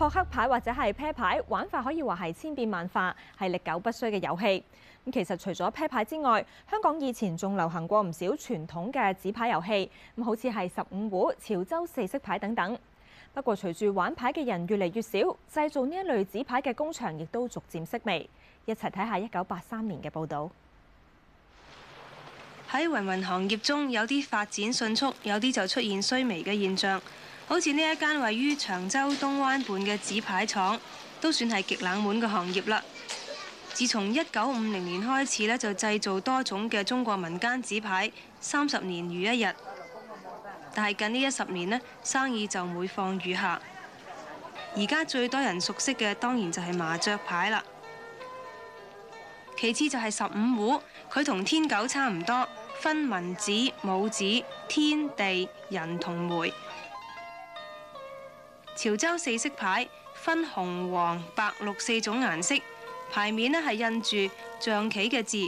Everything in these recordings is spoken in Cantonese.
撲克牌或者係啤牌玩法可以話係千變萬化，係歷久不衰嘅遊戲。咁其實除咗啤牌之外，香港以前仲流行過唔少傳統嘅紙牌遊戲，咁好似係十五糊、潮州四色牌等等。不過隨住玩牌嘅人越嚟越少，製造呢一類紙牌嘅工場亦都逐漸式微。一齊睇下一九八三年嘅報導。喺雲雲行業中有啲發展迅速，有啲就出現衰微嘅現象。好似呢一間位於長洲東灣畔嘅紙牌廠，都算係極冷門嘅行業啦。自從一九五零年開始咧，就製造多種嘅中國民間紙牌，三十年如一日。但係近呢一十年呢生意就每況愈下。而家最多人熟悉嘅當然就係麻雀牌啦，其次就係十五糊。佢同天九差唔多，分文、子、武子、天、地、人同梅。潮州四色牌分紅、黃、白、綠四種顏色，牌面咧係印住象棋嘅字。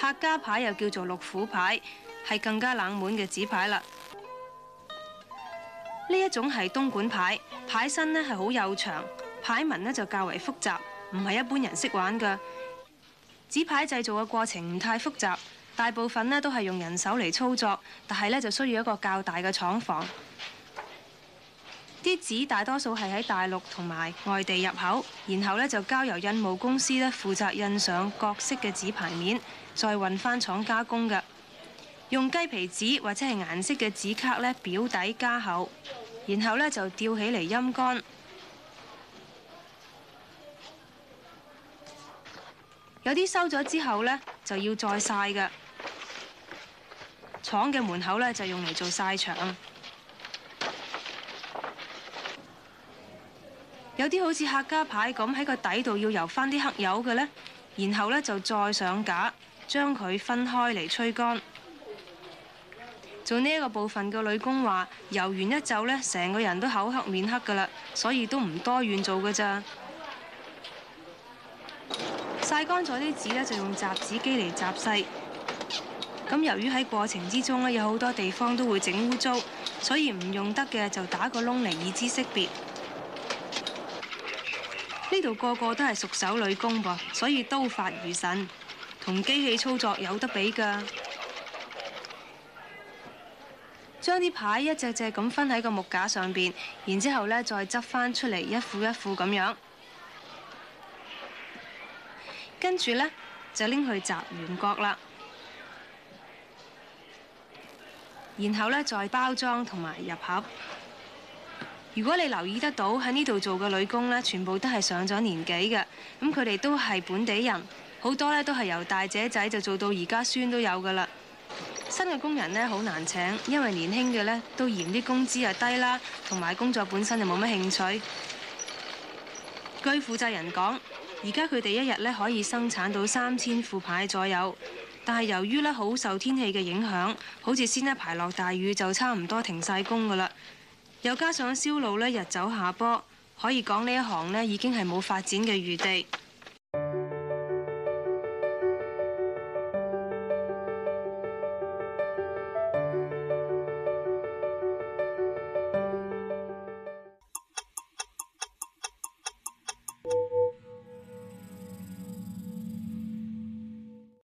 客家牌又叫做六虎牌，係更加冷門嘅紙牌啦。呢一種係東莞牌，牌身咧係好幼長，牌紋咧就較為複雜，唔係一般人識玩㗎。紙牌製造嘅過程唔太複雜，大部分咧都係用人手嚟操作，但係呢就需要一個較大嘅廠房。啲紙大多數係喺大陸同埋外地入口，然後咧就交由印務公司咧負責印上各式嘅紙牌面，再運翻廠加工嘅。用雞皮紙或者係顏色嘅紙卡咧，表底加厚，然後咧就吊起嚟陰乾。有啲收咗之後咧，就要再曬㗎。廠嘅門口咧就用嚟做曬場。有啲好似客家牌咁喺個底度要油翻啲黑油嘅呢，然後呢就再上架，將佢分開嚟吹乾。做呢一個部分嘅女工話，油完一走呢，成個人都口黑面黑噶啦，所以都唔多願做㗎咋。曬乾咗啲紙呢，就用雜紙機嚟雜細。咁由於喺過程之中呢，有好多地方都會整污糟，所以唔用得嘅就打個窿嚟以資識別。呢度個個都係熟手女工噃，所以刀法如神，同機器操作有得比噶。將啲牌一隻隻咁分喺個木架上邊，然之後呢再執翻出嚟，一副一副咁樣，跟住呢，就拎去閘完角啦，然後呢，再包裝同埋入盒。如果你留意得到喺呢度做嘅女工呢，全部都係上咗年紀嘅，咁佢哋都係本地人，好多呢都係由大姐仔就做到而家孫都有噶啦。新嘅工人呢好難請，因為年輕嘅呢都嫌啲工資又低啦，同埋工作本身就冇乜興趣。據負責人講，而家佢哋一日呢可以生產到三千副牌左右，但係由於呢好受天氣嘅影響，好似先一排落大雨就差唔多停晒工噶啦。又加上銷路咧，日走下坡，可以講呢一行咧，已經係冇發展嘅餘地。